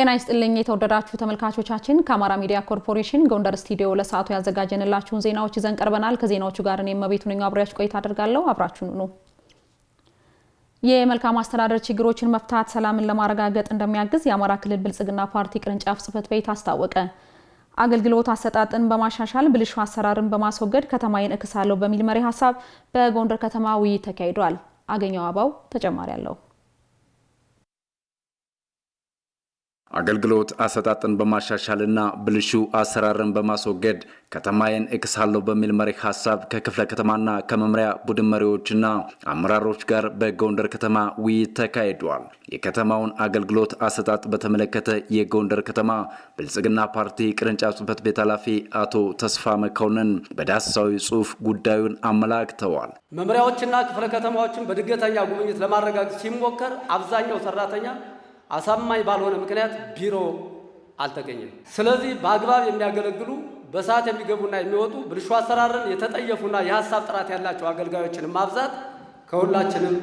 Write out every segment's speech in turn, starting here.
ጤና ይስጥልኝ የተወደዳችሁ ተመልካቾቻችን፣ ከአማራ ሚዲያ ኮርፖሬሽን ጎንደር ስቱዲዮ ለሰዓቱ ያዘጋጀንላችሁን ዜናዎች ይዘን ቀርበናል። ከዜናዎቹ ጋር እኔ መቤቱ ነኝ፣ አብሬያችሁ ቆይታ አደርጋለሁ። አብራችሁን ኑ። የመልካም አስተዳደር ችግሮችን መፍታት ሰላምን ለማረጋገጥ እንደሚያግዝ የአማራ ክልል ብልጽግና ፓርቲ ቅርንጫፍ ጽህፈት ቤት አስታወቀ። አገልግሎት አሰጣጥን በማሻሻል ብልሹ አሰራርን በማስወገድ ከተማዬን እክሳለሁ በሚል መሪ ሀሳብ በጎንደር ከተማ ውይይት ተካሂዷል። አገኘው አባው ተጨማሪ አለው። አገልግሎት አሰጣጥን በማሻሻልና ብልሹ አሰራርን በማስወገድ ከተማዬን እክሳለሁ በሚል መሪ ሀሳብ ከክፍለ ከተማና ከመምሪያ ቡድን መሪዎችና አመራሮች ጋር በጎንደር ከተማ ውይይት ተካሂዷል። የከተማውን አገልግሎት አሰጣጥ በተመለከተ የጎንደር ከተማ ብልጽግና ፓርቲ ቅርንጫፍ ጽፈት ቤት ኃላፊ አቶ ተስፋ መኮንን በዳሳዊ ጽሑፍ ጉዳዩን አመላክተዋል። መምሪያዎችና ክፍለ ከተማዎችን በድገተኛ ጉብኝት ለማረጋገጥ ሲሞከር አብዛኛው ሰራተኛ አሳማኝ ባልሆነ ምክንያት ቢሮ አልተገኘም። ስለዚህ በአግባብ የሚያገለግሉ በሰዓት የሚገቡና የሚወጡ ብልሹ አሰራርን የተጠየፉና የሀሳብ ጥራት ያላቸው አገልጋዮችን ማብዛት ከሁላችንም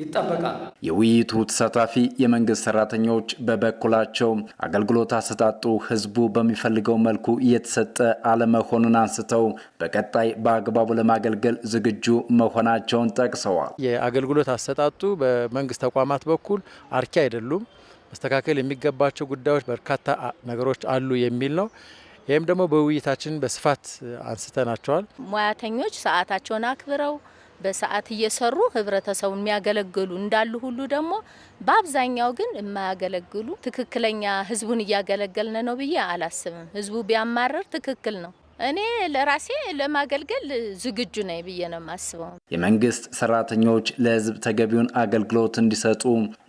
ይጠበቃል። የውይይቱ ተሳታፊ የመንግስት ሰራተኞች በበኩላቸው አገልግሎት አሰጣጡ ህዝቡ በሚፈልገው መልኩ እየተሰጠ አለመሆኑን አንስተው በቀጣይ በአግባቡ ለማገልገል ዝግጁ መሆናቸውን ጠቅሰዋል። የአገልግሎት አሰጣጡ በመንግስት ተቋማት በኩል አርኪ አይደሉም፣ መስተካከል የሚገባቸው ጉዳዮች በርካታ ነገሮች አሉ የሚል ነው። ይህም ደግሞ በውይይታችን በስፋት አንስተናቸዋል። ሙያተኞች ሰዓታቸውን አክብረው በሰዓት እየሰሩ ህብረተሰቡን የሚያገለግሉ እንዳሉ ሁሉ ደግሞ በአብዛኛው ግን የማያገለግሉ ትክክለኛ ህዝቡን እያገለገልን ነው ብዬ አላስብም። ህዝቡ ቢያማርር ትክክል ነው። እኔ ለራሴ ለማገልገል ዝግጁ ነኝ ብዬ ነው የማስበው። የመንግስት ሰራተኞች ለህዝብ ተገቢውን አገልግሎት እንዲሰጡ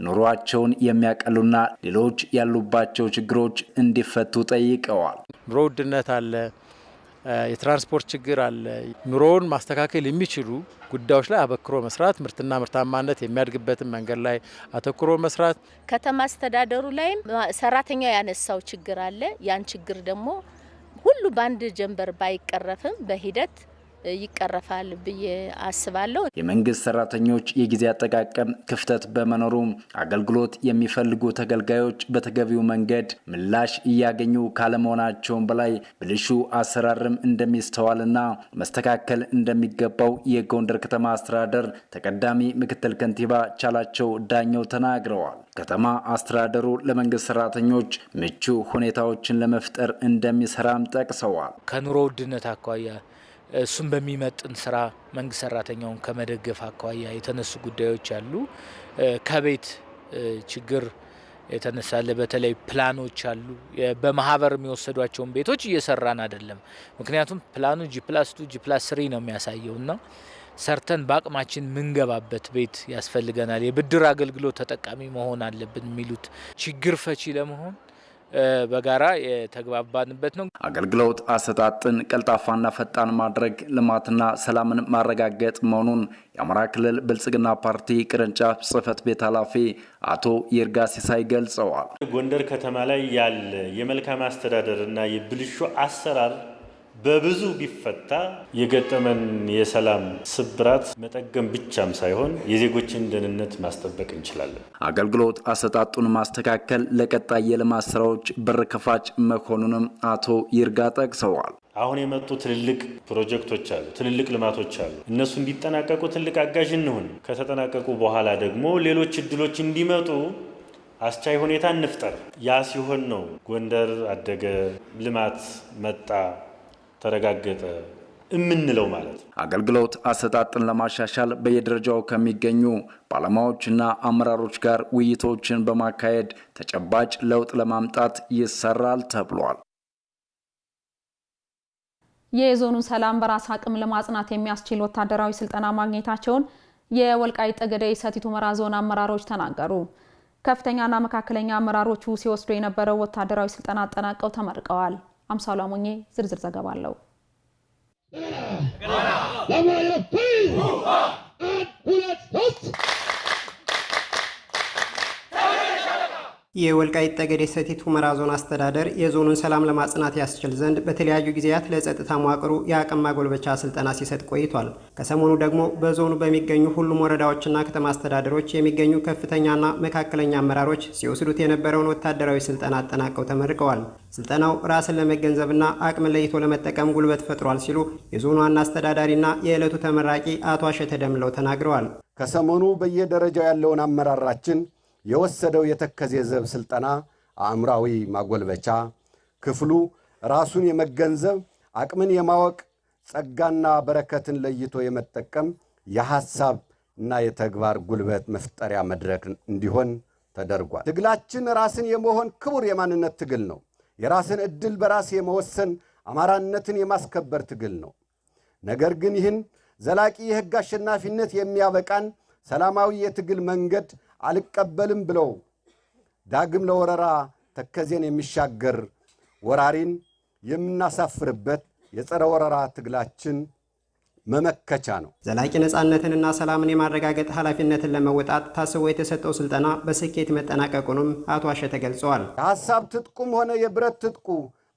ኑሯቸውን የሚያቀሉና ሌሎች ያሉባቸው ችግሮች እንዲፈቱ ጠይቀዋል። ኑሮ ውድነት አለ የትራንስፖርት ችግር አለ። ኑሮውን ማስተካከል የሚችሉ ጉዳዮች ላይ አበክሮ መስራት፣ ምርትና ምርታማነት የሚያድግበትን መንገድ ላይ አተኩሮ መስራት፣ ከተማ አስተዳደሩ ላይም ሰራተኛው ያነሳው ችግር አለ። ያን ችግር ደግሞ ሁሉ በአንድ ጀንበር ባይቀረፍም በሂደት ይቀረፋል ብዬ አስባለሁ። የመንግስት ሰራተኞች የጊዜ አጠቃቀም ክፍተት በመኖሩ አገልግሎት የሚፈልጉ ተገልጋዮች በተገቢው መንገድ ምላሽ እያገኙ ካለመሆናቸውም በላይ ብልሹ አሰራርም እንደሚስተዋልና መስተካከል እንደሚገባው የጎንደር ከተማ አስተዳደር ተቀዳሚ ምክትል ከንቲባ ቻላቸው ዳኘው ተናግረዋል። ከተማ አስተዳደሩ ለመንግስት ሰራተኞች ምቹ ሁኔታዎችን ለመፍጠር እንደሚሰራም ጠቅሰዋል። ከኑሮ ውድነት አኳያ እሱን በሚመጥን ስራ መንግስት ሰራተኛውን ከመደገፍ አኳያ የተነሱ ጉዳዮች አሉ። ከቤት ችግር የተነሳለ በተለይ ፕላኖች አሉ። በማህበር የሚወሰዷቸውን ቤቶች እየሰራን አይደለም። ምክንያቱም ፕላኑ ጂ ፕላስ ቱ ጂ ፕላስ ስሪ ነው የሚያሳየው ና ሰርተን በአቅማችን ምንገባበት ቤት ያስፈልገናል። የብድር አገልግሎት ተጠቃሚ መሆን አለብን የሚሉት ችግር ፈቺ ለመሆን በጋራ የተግባባንበት ነው። አገልግሎት አሰጣጥን ቀልጣፋና ፈጣን ማድረግ ልማትና ሰላምን ማረጋገጥ መሆኑን የአማራ ክልል ብልጽግና ፓርቲ ቅርንጫፍ ጽህፈት ቤት ኃላፊ አቶ ይርጋ ሲሳይ ገልጸዋል። ጎንደር ከተማ ላይ ያለ የመልካም አስተዳደር እና የብልሹ አሰራር በብዙ ቢፈታ የገጠመን የሰላም ስብራት መጠገም ብቻም ሳይሆን የዜጎችን ደህንነት ማስጠበቅ እንችላለን። አገልግሎት አሰጣጡን ማስተካከል ለቀጣይ የልማት ስራዎች በር ከፋጭ መሆኑንም አቶ ይርጋ ጠቅሰዋል። አሁን የመጡ ትልልቅ ፕሮጀክቶች አሉ፣ ትልልቅ ልማቶች አሉ። እነሱ እንዲጠናቀቁ ትልቅ አጋዥ እንሁን። ከተጠናቀቁ በኋላ ደግሞ ሌሎች እድሎች እንዲመጡ አስቻይ ሁኔታ እንፍጠር። ያ ሲሆን ነው ጎንደር አደገ፣ ልማት መጣ ተረጋገጠ የምንለው ማለት ነው። አገልግሎት አሰጣጥን ለማሻሻል በየደረጃው ከሚገኙ ባለሙያዎችና አመራሮች ጋር ውይይቶችን በማካሄድ ተጨባጭ ለውጥ ለማምጣት ይሰራል ተብሏል። የዞኑን ሰላም በራስ አቅም ለማጽናት የሚያስችል ወታደራዊ ስልጠና ማግኘታቸውን የወልቃይት ጠገደ ሰቲት ሁመራ ዞን አመራሮች ተናገሩ። ከፍተኛና መካከለኛ አመራሮቹ ሲወስዱ የነበረው ወታደራዊ ስልጠና አጠናቀው ተመርቀዋል። አምሳሉ አሞኜ ዝርዝር ዘገባ አለው። ሁለት የወልቃይት ጠገዴ ሰቲት ሁመራ ዞን አስተዳደር የዞኑን ሰላም ለማጽናት ያስችል ዘንድ በተለያዩ ጊዜያት ለጸጥታ መዋቅሩ የአቅም ማጎልበቻ ስልጠና ሲሰጥ ቆይቷል። ከሰሞኑ ደግሞ በዞኑ በሚገኙ ሁሉም ወረዳዎችና ከተማ አስተዳደሮች የሚገኙ ከፍተኛና መካከለኛ አመራሮች ሲወስዱት የነበረውን ወታደራዊ ስልጠና አጠናቀው ተመርቀዋል። ስልጠናው ራስን ለመገንዘብና አቅምን ለይቶ ለመጠቀም ጉልበት ፈጥሯል ሲሉ የዞኑ ዋና አስተዳዳሪና የዕለቱ ተመራቂ አቶ አሸተ ደምለው ተናግረዋል። ከሰሞኑ በየደረጃው ያለውን አመራራችን የወሰደው የተከዜ ዘብ ስልጠና አእምራዊ ማጎልበቻ ክፍሉ ራሱን የመገንዘብ አቅምን የማወቅ ጸጋና በረከትን ለይቶ የመጠቀም የሐሳብ እና የተግባር ጉልበት መፍጠሪያ መድረክ እንዲሆን ተደርጓል። ትግላችን ራስን የመሆን ክቡር የማንነት ትግል ነው። የራስን ዕድል በራስ የመወሰን አማራነትን የማስከበር ትግል ነው። ነገር ግን ይህን ዘላቂ የሕግ አሸናፊነት የሚያበቃን ሰላማዊ የትግል መንገድ አልቀበልም ብለው ዳግም ለወረራ ተከዜን የሚሻገር ወራሪን የምናሳፍርበት የጸረ ወረራ ትግላችን መመከቻ ነው። ዘላቂ ነፃነትንና ሰላምን የማረጋገጥ ኃላፊነትን ለመወጣት ታስቦ የተሰጠው ስልጠና በስኬት መጠናቀቁንም አቶ አሸተ ገልጸዋል። የሀሳብ ትጥቁም ሆነ የብረት ትጥቁ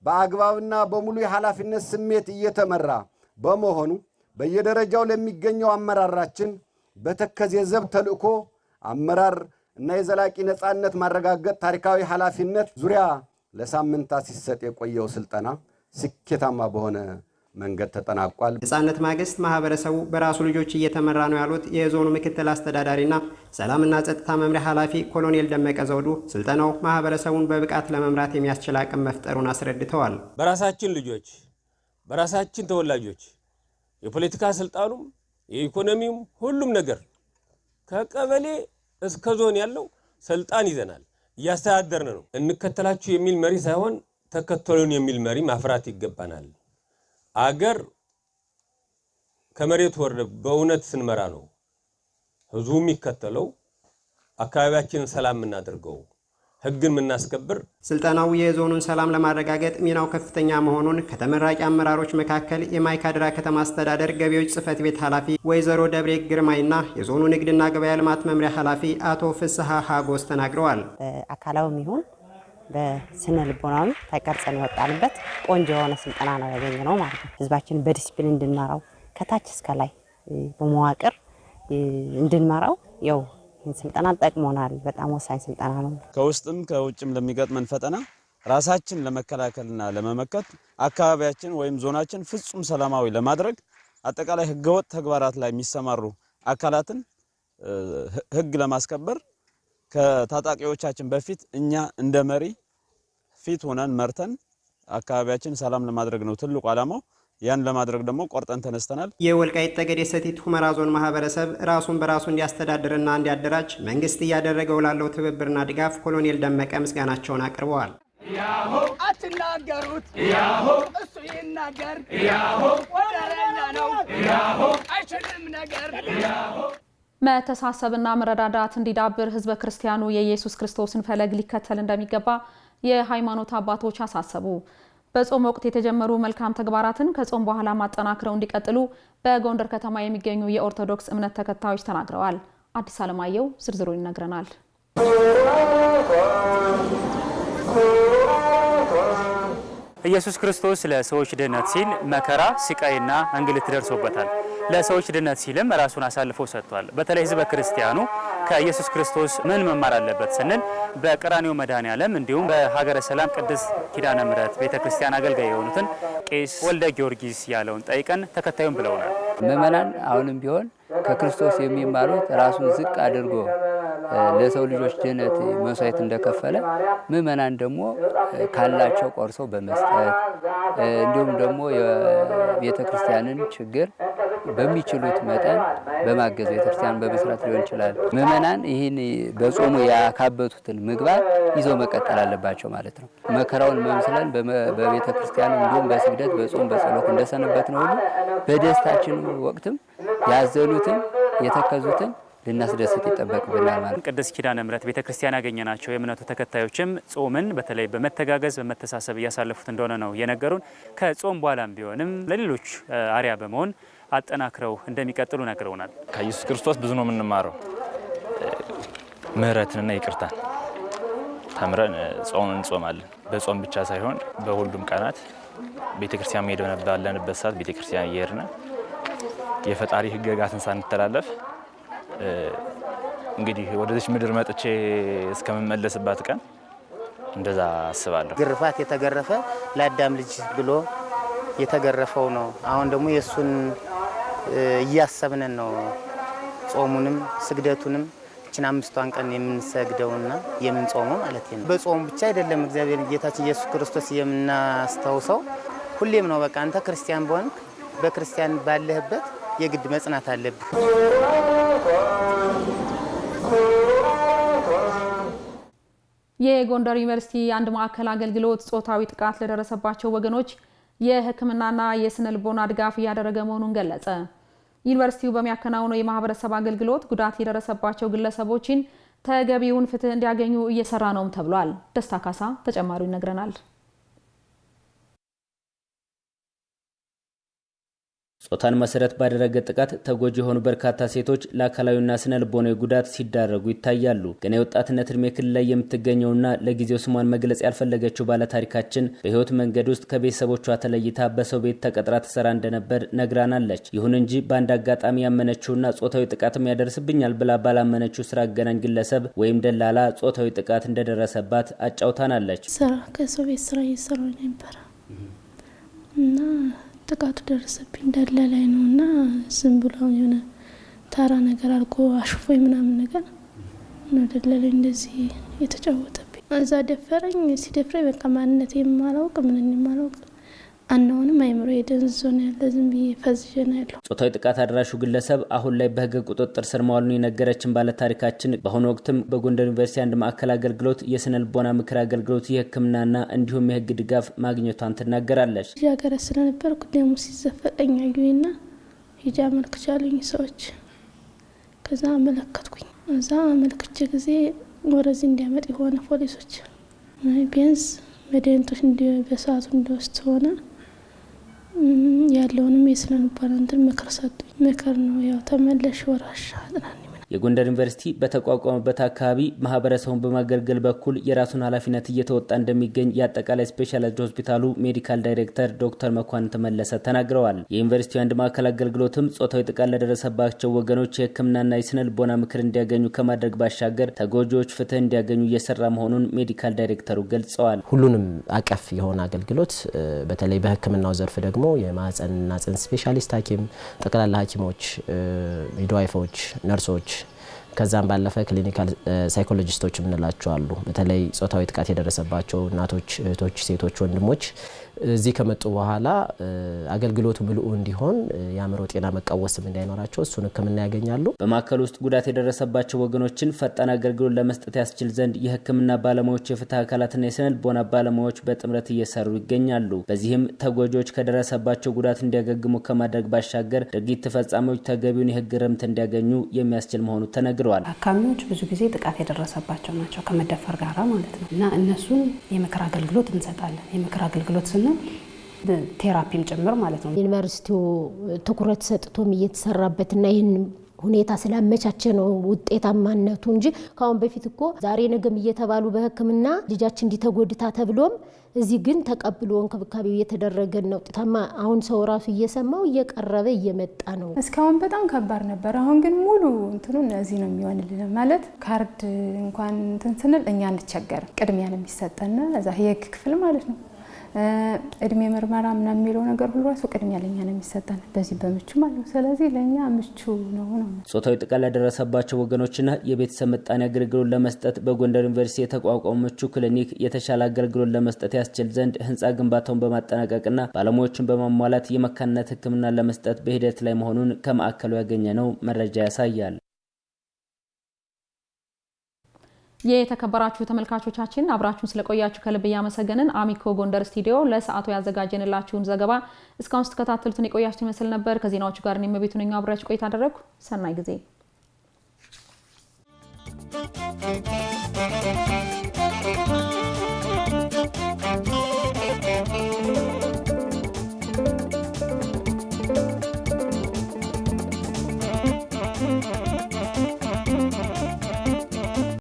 በአግባብና በሙሉ የኃላፊነት ስሜት እየተመራ በመሆኑ በየደረጃው ለሚገኘው አመራራችን በተከዜ ዘብ ተልዕኮ አመራር እና የዘላቂ ነፃነት ማረጋገጥ ታሪካዊ ኃላፊነት ዙሪያ ለሳምንታት ሲሰጥ የቆየው ስልጠና ስኬታማ በሆነ መንገድ ተጠናቋል። ነፃነት ማግስት ማህበረሰቡ በራሱ ልጆች እየተመራ ነው ያሉት የዞኑ ምክትል አስተዳዳሪና ሰላምና ጸጥታ መምሪያ ኃላፊ ኮሎኔል ደመቀ ዘውዱ ስልጠናው ማህበረሰቡን በብቃት ለመምራት የሚያስችል አቅም መፍጠሩን አስረድተዋል። በራሳችን ልጆች፣ በራሳችን ተወላጆች የፖለቲካ ስልጣኑም የኢኮኖሚውም ሁሉም ነገር ከቀበሌ እስከ ዞን ያለው ስልጣን ይዘናል፣ እያስተዳደርን ነው። እንከተላችሁ የሚል መሪ ሳይሆን ተከተሉን የሚል መሪ ማፍራት ይገባናል። አገር ከመሬት ወርደ በእውነት ስንመራ ነው ህዝቡ የሚከተለው። አካባቢያችንን ሰላም እናደርገው። ህግን የምናስከብር ስልጠናው የዞኑን ሰላም ለማረጋገጥ ሚናው ከፍተኛ መሆኑን ከተመራቂ አመራሮች መካከል የማይካድራ ከተማ አስተዳደር ገቢዎች ጽህፈት ቤት ኃላፊ ወይዘሮ ደብሬ ግርማይና የዞኑ ንግድና ገበያ ልማት መምሪያ ኃላፊ አቶ ፍስሐ ሀጎስ ተናግረዋል። በአካላዊም ይሁን በስነ ልቦናዊ ተቀርጸን የወጣንበት ቆንጆ የሆነ ስልጠና ነው ያገኘነው ማለት ነው። ህዝባችን በዲስፕሊን እንድንመራው ከታች እስከ ላይ በመዋቅር እንድንመራው ያው ይህን ስልጠና ጠቅሞናል። በጣም ወሳኝ ስልጠና ነው። ከውስጥም ከውጭም ለሚገጥመን ፈተና ራሳችን ለመከላከልና ለመመከት አካባቢያችን ወይም ዞናችን ፍጹም ሰላማዊ ለማድረግ አጠቃላይ ህገወጥ ተግባራት ላይ የሚሰማሩ አካላትን ህግ ለማስከበር ከታጣቂዎቻችን በፊት እኛ እንደ መሪ ፊት ሆነን መርተን አካባቢያችን ሰላም ለማድረግ ነው ትልቁ ዓላማው። ያን ለማድረግ ደግሞ ቆርጠን ተነስተናል። የወልቃይት ጠገዴ ሰቲት ሁመራ ዞን ማህበረሰብ ራሱን በራሱ እንዲያስተዳድርና እንዲያደራጅ መንግስት እያደረገው ላለው ትብብርና ድጋፍ ኮሎኔል ደመቀ ምስጋናቸውን አቅርበዋል። አትናገሩት እሱ ይናገር ወደረኛ ነው አይችልም ነገር መተሳሰብና መረዳዳት እንዲዳብር ህዝበ ክርስቲያኑ የኢየሱስ ክርስቶስን ፈለግ ሊከተል እንደሚገባ የሃይማኖት አባቶች አሳሰቡ። በጾም ወቅት የተጀመሩ መልካም ተግባራትን ከጾም በኋላ ማጠናክረው እንዲቀጥሉ በጎንደር ከተማ የሚገኙ የኦርቶዶክስ እምነት ተከታዮች ተናግረዋል። አዲስ አለማየሁ ዝርዝሩ ይነግረናል። ኢየሱስ ክርስቶስ ለሰዎች ድህነት ሲል መከራ ስቃይና እንግልት ደርሶበታል። ለሰዎች ድህነት ሲልም ራሱን አሳልፎ ሰጥቷል። በተለይ ህዝበ ክርስቲያኑ ከኢየሱስ ክርስቶስ ምን መማር አለበት ስንል በቀራኒው መድኃኔ ዓለም እንዲሁም በሀገረ ሰላም ቅድስት ኪዳነ ምሕረት ቤተ ክርስቲያን አገልጋይ የሆኑትን ቄስ ወልደ ጊዮርጊስ ያለውን ጠይቀን ተከታዩን ብለውናል። ምእመናን አሁንም ቢሆን ከክርስቶስ የሚማሩት ራሱን ዝቅ አድርጎ ለሰው ልጆች ድህነት መስዋዕት እንደከፈለ ምእመናን ደግሞ ካላቸው ቆርሰው በመስጠት እንዲሁም ደግሞ የቤተ ክርስቲያንን ችግር በሚችሉት መጠን በማገዝ ቤተክርስቲያን በመስራት ሊሆን ይችላል። ምእመናን ይህን በጾሙ ያካበቱትን ምግባር ይዘው መቀጠል አለባቸው ማለት ነው። መከራውን መምስለን በቤተ ክርስቲያን እንዲሁም በስግደት በጾም በጸሎት እንደሰነበት ነው ሁሉ በደስታችን ወቅትም ያዘኑትን የተከዙትን ልናስደስት ይጠበቅብናል ማለት ቅዱስ ኪዳነ ምሕረት ቤተ ክርስቲያን ናቸው። የእምነቱ ተከታዮችም ጾምን በተለይ በመተጋገዝ በመተሳሰብ እያሳለፉት እንደሆነ ነው የነገሩን። ከጾም በኋላም ቢሆንም ለሌሎች አሪያ በመሆን አጠናክረው እንደሚቀጥሉ ነግረውናል። ከኢየሱስ ክርስቶስ ብዙ ነው የምንማረው፣ ምሕረትንና ይቅርታን ተምረን ጾም እንጾማለን። በጾም ብቻ ሳይሆን በሁሉም ቀናት ክርስቲያን መሄድ ባለንበት ሰዓት ክርስቲያን እየሄድን የፈጣሪ ሕግጋትን ሳንተላለፍ እንግዲህ ወደዚች ምድር መጥቼ እስከምመለስባት ቀን እንደዛ አስባለሁ። ግርፋት የተገረፈ ለአዳም ልጅ ብሎ የተገረፈው ነው። አሁን ደግሞ የእሱን እያሰብነን ነው። ጾሙንም ስግደቱንም ይችን አምስቷን ቀን የምንሰግደውና የምንጾመው ማለት ነው። በጾሙ ብቻ አይደለም እግዚአብሔር ጌታችን ኢየሱስ ክርስቶስ የምናስታውሰው ሁሌም ነው። በቃ አንተ ክርስቲያን በሆንክ በክርስቲያን ባለህበት የግድ መጽናት አለብህ። የጎንደር ዩኒቨርሲቲ አንድ ማዕከል አገልግሎት ጾታዊ ጥቃት ለደረሰባቸው ወገኖች የሕክምናና የስነ ልቦና ድጋፍ እያደረገ መሆኑን ገለጸ። ዩኒቨርሲቲው በሚያከናውነው የማህበረሰብ አገልግሎት ጉዳት የደረሰባቸው ግለሰቦችን ተገቢውን ፍትህ እንዲያገኙ እየሰራ ነውም ተብሏል። ደስታ ካሳ ተጨማሪው ይነግረናል። ጾታን መሰረት ባደረገ ጥቃት ተጎጂ የሆኑ በርካታ ሴቶች ለአካላዊና ስነ ልቦናዊ ጉዳት ሲዳረጉ ይታያሉ። ገና የወጣትነት እድሜ ክልል ላይ የምትገኘውና ለጊዜው ስሟን መግለጽ ያልፈለገችው ባለታሪካችን በህይወት መንገድ ውስጥ ከቤተሰቦቿ ተለይታ በሰው ቤት ተቀጥራ ትሰራ እንደነበር ነግራናለች። ይሁን እንጂ በአንድ አጋጣሚ ያመነችውና ጾታዊ ጥቃትም ያደርስብኛል ብላ ባላመነችው ስራ አገናኝ ግለሰብ ወይም ደላላ ጾታዊ ጥቃት እንደደረሰባት አጫውታናለች። ስራ ከሰው ቤት ስራ እየሰራ ነበረ እና ጥቃቱ ደረሰብኝ። ደለ ላይ ነው እና ዝም ብሎ የሆነ ታራ ነገር አልጎ አሽፎ ምናምን ነገር ነው ደለ ላይ እንደዚህ የተጫወተብኝ። እዛ ደፈረኝ። ሲደፍረኝ በቃ ማንነት የማላውቅ ምን የማላውቅ አናውንም አይምሮ የደንዝዞ ነው ያለ ዝም ብዬ ፈዝዤ ነው ያለው። ጾታዊ ጥቃት አድራሹ ግለሰብ አሁን ላይ በሕግ ቁጥጥር ስር መዋሉን የነገረችን ባለታሪካችን በአሁኑ ወቅትም በጎንደር ዩኒቨርሲቲ አንድ ማዕከል አገልግሎት የስነ ልቦና ምክር አገልግሎት፣ የሕክምናና እንዲሁም የህግ ድጋፍ ማግኘቷን ትናገራለች። ሀገረ ስለነበር ደሙ ሲዘፈቀኝ አዩኝና ሂጃ አመልክቻሉኝ ሰዎች ከዛ አመለከትኩኝ። እዛ አመልክቼ ጊዜ ወደዚህ እንዲያመጥ የሆነ ፖሊሶች ቢያንስ መድኃኒቶች በሰዓቱ እንዲወስድ ሆነ ያለውንም የስነ ልቦና እንትን ምክር ሰጡኝ። ምክር ነው ያው ተመለሽ ወራሻ አጥናን የጎንደር ዩኒቨርሲቲ በተቋቋመበት አካባቢ ማህበረሰቡን በማገልገል በኩል የራሱን ኃላፊነት እየተወጣ እንደሚገኝ የአጠቃላይ ስፔሻላይዝድ ሆስፒታሉ ሜዲካል ዳይሬክተር ዶክተር መኳን ተመለሰ ተናግረዋል። የዩኒቨርሲቲው አንድ ማዕከል አገልግሎትም ጾታዊ ጥቃት ለደረሰባቸው ወገኖች የህክምናና የስነ ልቦና ምክር እንዲያገኙ ከማድረግ ባሻገር ተጎጂዎች ፍትህ እንዲያገኙ እየሰራ መሆኑን ሜዲካል ዳይሬክተሩ ገልጸዋል። ሁሉንም አቀፍ የሆነ አገልግሎት በተለይ በህክምናው ዘርፍ ደግሞ የማህፀንና ጽንስ ስፔሻሊስት ሐኪም፣ ጠቅላላ ሐኪሞች፣ ሚድዋይፎች፣ ነርሶች ከዛም ባለፈ ክሊኒካል ሳይኮሎጂስቶች የምንላቸው አሉ። በተለይ ጾታዊ ጥቃት የደረሰባቸው እናቶች፣ እህቶች፣ ሴቶች፣ ወንድሞች እዚህ ከመጡ በኋላ አገልግሎቱ ምልኡ እንዲሆን የአእምሮ ጤና መቃወስም እንዳይኖራቸው እሱን ሕክምና ያገኛሉ። በማዕከል ውስጥ ጉዳት የደረሰባቸው ወገኖችን ፈጣን አገልግሎት ለመስጠት ያስችል ዘንድ የሕክምና ባለሙያዎች፣ የፍትህ አካላትና የስነ ልቦና ባለሙያዎች በጥምረት እየሰሩ ይገኛሉ። በዚህም ተጎጂዎች ከደረሰባቸው ጉዳት እንዲያገግሙ ከማድረግ ባሻገር ድርጊት ተፈጻሚዎች ተገቢውን የህግ ርምት እንዲያገኙ የሚያስችል መሆኑ ተነግረዋል። አካባቢዎች ብዙ ጊዜ ጥቃት የደረሰባቸው ናቸው ከመደፈር ጋራ ማለት ነው እና እነሱን የምክር አገልግሎት እንሰጣለን። የምክር አገልግሎት ስና ነው ቴራፒም ጭምር ማለት ነው። ዩኒቨርሲቲው ትኩረት ሰጥቶም እየተሰራበትና ይህን ሁኔታ ስላመቻቸ ነው ውጤታማነቱ እንጂ ከአሁን በፊት እኮ ዛሬ ነገም እየተባሉ በሕክምና ልጃችን እንዲተጎድታ ተብሎም እዚህ ግን ተቀብሎ እንክብካቤው እየተደረገን ነው ውጤታማ። አሁን ሰው ራሱ እየሰማው እየቀረበ እየመጣ ነው። እስካሁን በጣም ከባድ ነበር። አሁን ግን ሙሉ እንትኑ እነዚህ ነው የሚሆንልን ማለት ካርድ እንኳን እንትን ስንል እኛ አንቸገርም። ቅድሚያ ነው የሚሰጠን እዛ የህግ ክፍል ማለት ነው እድሜ ምርመራ ምናምን የሚለው ነገር ሁሉ ራሱ ቅድሚያ ለኛ ነው የሚሰጠን በዚህ በምቹ ማለት ነው። ስለዚህ ለእኛ ምቹ ነው ነው። ጾታዊ ጥቃት ላደረሰባቸው ወገኖችና የቤተሰብ ምጣኔ አገልግሎት ለመስጠት በጎንደር ዩኒቨርሲቲ የተቋቋመ ምቹ ክሊኒክ የተሻለ አገልግሎት ለመስጠት ያስችል ዘንድ ህንፃ ግንባታውን በማጠናቀቅና ባለሙያዎችን በማሟላት የመካንነት ህክምና ለመስጠት በሂደት ላይ መሆኑን ከማዕከሉ ያገኘ ነው መረጃ ያሳያል። የተከበራችሁ ተመልካቾቻችን አብራችሁን ስለቆያችሁ ከልብ እያመሰገንን አሚኮ ጎንደር ስቱዲዮ ለሰዓቱ ያዘጋጀንላችሁን ዘገባ እስካሁን ስትከታተሉትን የቆያችሁ ይመስል ነበር። ከዜናዎቹ ጋር እኔ ነኛ አብራችሁ ቆይታ አደረግኩ። ሰናይ ጊዜ